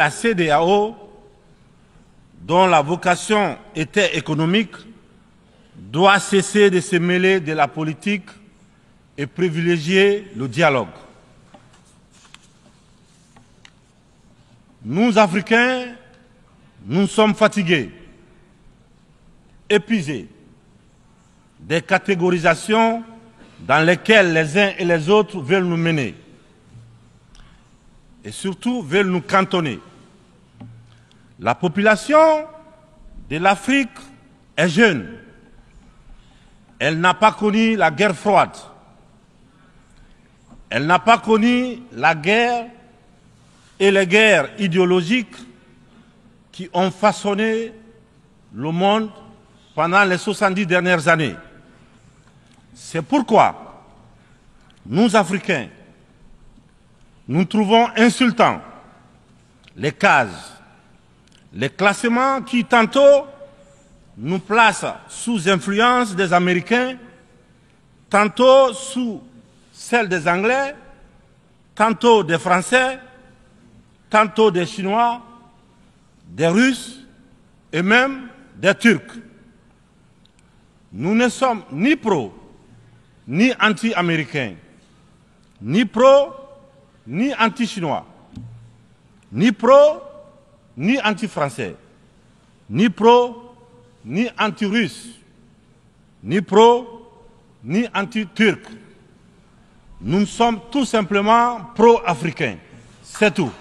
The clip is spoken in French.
la CDAO, dont la vocation était économique, doit cesser de se mêler de la politique et privilégier le dialogue. Nous, Africains, nous sommes fatigués, épuisés des catégorisations dans lesquelles les uns et les autres veulent nous mener et surtout veulent nous cantonner. La population de l'Afrique est jeune. Elle n'a pas connu la guerre froide. Elle n'a pas connu la guerre et les guerres idéologiques qui ont façonné le monde pendant les 70 dernières années. C'est pourquoi nous, Africains, nous trouvons insultants les cases les classements qui tantôt nous placent sous influence des Américains, tantôt sous celle des Anglais, tantôt des Français, tantôt des Chinois, des Russes et même des Turcs. Nous ne sommes ni pro, ni anti-américains, ni pro, ni anti-chinois, ni pro, ni anti-français, ni pro, ni anti-russe, ni pro, ni anti-turc. Nous sommes tout simplement pro-africains. C'est tout.